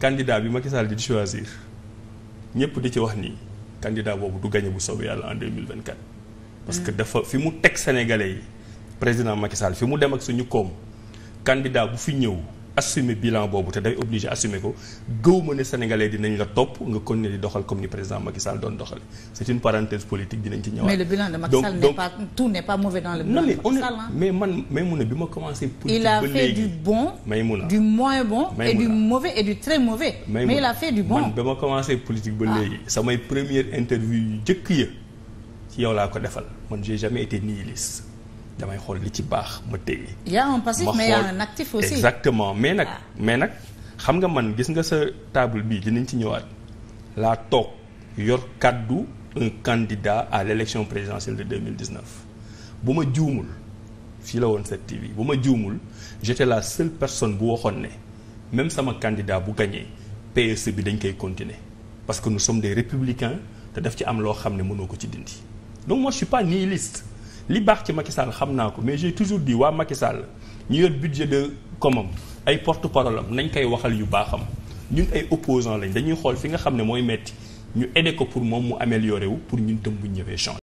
candidat bi Macky di di choisir ñëpp di ci wax ni candidat boobu du gagné bu soobee yàlla en 2024 parce que mm. dafa fi mu teg sénégalais yi président Macky fi mu dem ak suñu koom candidat bu fi ñëw assumer bilan boobu te day obligé assumer ko gëw ma ne sénégalais dinañ la topp nga continuer di doxal comme ni président Macky Sall doon doxale c'est une parenthèse politique dinañ ci ñëwaat. mais le bilan de Macky Sall pas tout n'est pas mauvais dans le bilan de Macky mais man bi ma commencé. politique ba léegi il a fait du bon. Maïmouna du moins bon. et mais il a fait du bon man ba ma commencé politique ba léegi. samay première interview yu njëkk ya ci yow laa ko defal man j'ai jamais été nihiliste damay xool li ci baax ma téye. y a un a un actif aussi. exactement mais nag ah. mais nag xam nga man gis nga sa table bii dinañ ci ñëwaat laa toog yor kàddu un candidat à l'élection présidentielle de 2019 bu ma juumul fii la woon cette TV bu ma juumul j'étais la seule personne bu waxoon ne même sama kandidaa bu gagné PSE bi dañ koy continuer parce que nous sommes de républicain te daf ci am loo xam ne mënoo ko ci dindi donc moi je suis pas li baax ci Macky Sall xam naa ko mais j'ai toujours dit waa Macky Sall ñu yor budget de commam ay porte-parole am nañ koy waxal yu baaxam ñun ay opposants lañ dañuy xool fi nga xam ne mooy metti ñu aider ko pour moom mu améliorer wu pour ñun tam bu ñëwee change